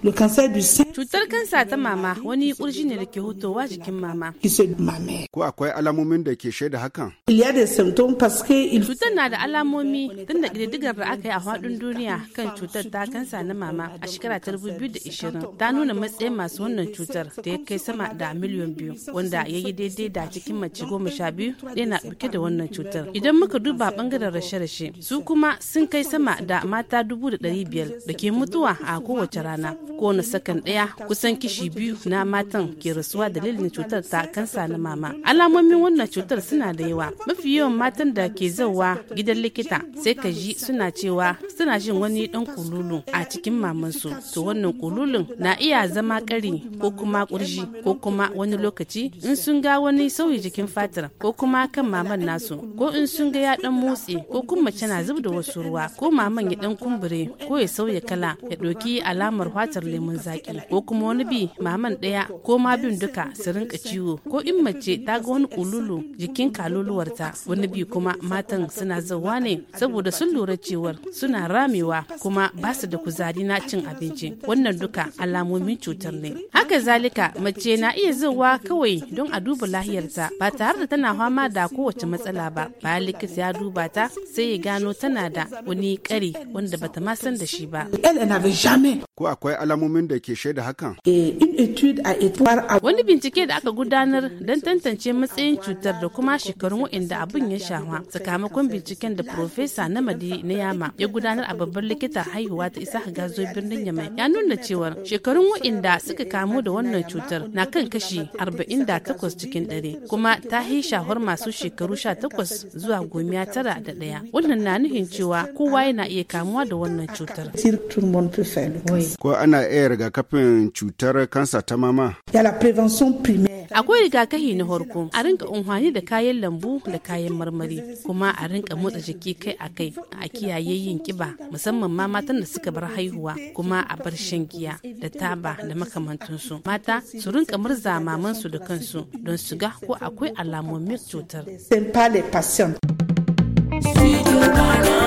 Cutar kansa ta mama wani kurji ne da ke hutowa jikin mama. Ko akwai alamomin da ke shaida hakan? Cutar na da alamomi tun da ƙididdigar da aka yi a faɗin duniya kan cutar ta kansa na mama a shekara ta ishirin ta nuna matsayin masu wannan cutar da ya kai sama da miliyan biyu wanda ya yi daidai da cikin mace goma sha biyu ɗaya na ɗauke da wannan cutar. Idan muka duba ɓangaren rashe-rashe su kuma sun kai sama da mata dubu da ɗari biyar da ke mutuwa a kowace rana. kowane sakan ɗaya kusan kishi biyu na matan ke rasuwa dalilin cutar ta kansa na mama alamomin wannan cutar suna da yawa mafi yawan matan da ke zauwa gidan likita sai ka ji suna cewa suna jin wani dan kululu a cikin mamansu to wannan kululun na iya zama ƙari ko kuma kurji ko kuma wani lokaci in sun ga wani sauyi jikin fatar ko kuma kan maman nasu ko in sun ga ya motsi ko kuma mace na zub da wasu ruwa ko maman ya dan kumbure ko ya sauya kala ya ɗauki alamar fatar lemun zaki ko kuma wani bi maman ɗaya ko ma bin duka su rinka ciwo ko in mace ta ga wani kululu jikin kaluluwarta wani bi kuma matan suna zawa ne saboda sun lura cewar suna ramewa kuma ba su da kuzari na cin abinci wannan duka alamomin cutar ne haka zalika mace na iya zawa kawai don a duba lahiyarta ba tare da tana fama da kowace matsala ba bayan likita ya duba ta sai ya gano tana da wani kari wanda bata ma san da shi ba ko akwai alamomin da ke shaida hakan? Wani bincike da aka gudanar don tantance matsayin cutar da kuma shekarun wa'inda abin ya shawa sakamakon binciken da Profesa Namadi na Yama ya gudanar a babban likita haihuwa ta isa ga gazo birnin Yamai ya nuna cewa shekarun wa'inda suka kamu da wannan cutar na kan kashi 48 cikin dare kuma ta yi shahar masu shekaru 18 zuwa gomiya tara da ɗaya. Wannan na nufin cewa kowa yana iya kamuwa da wannan cutar. Ko ana iya rigakafin cutar kansa ta mama? Akwai rigakafi na farko, a rinka unhwani da kayan lambu da kayan marmari, kuma a rinka motsa jiki kai a kai a kiyaye yin kiba, musamman ma matan da suka bar haihuwa, kuma a bar shan giya da taba da makamantansu. Mata su rinka murza mamansu da kansu don su ga ko akwai alamomin cutar. Studio Ghana.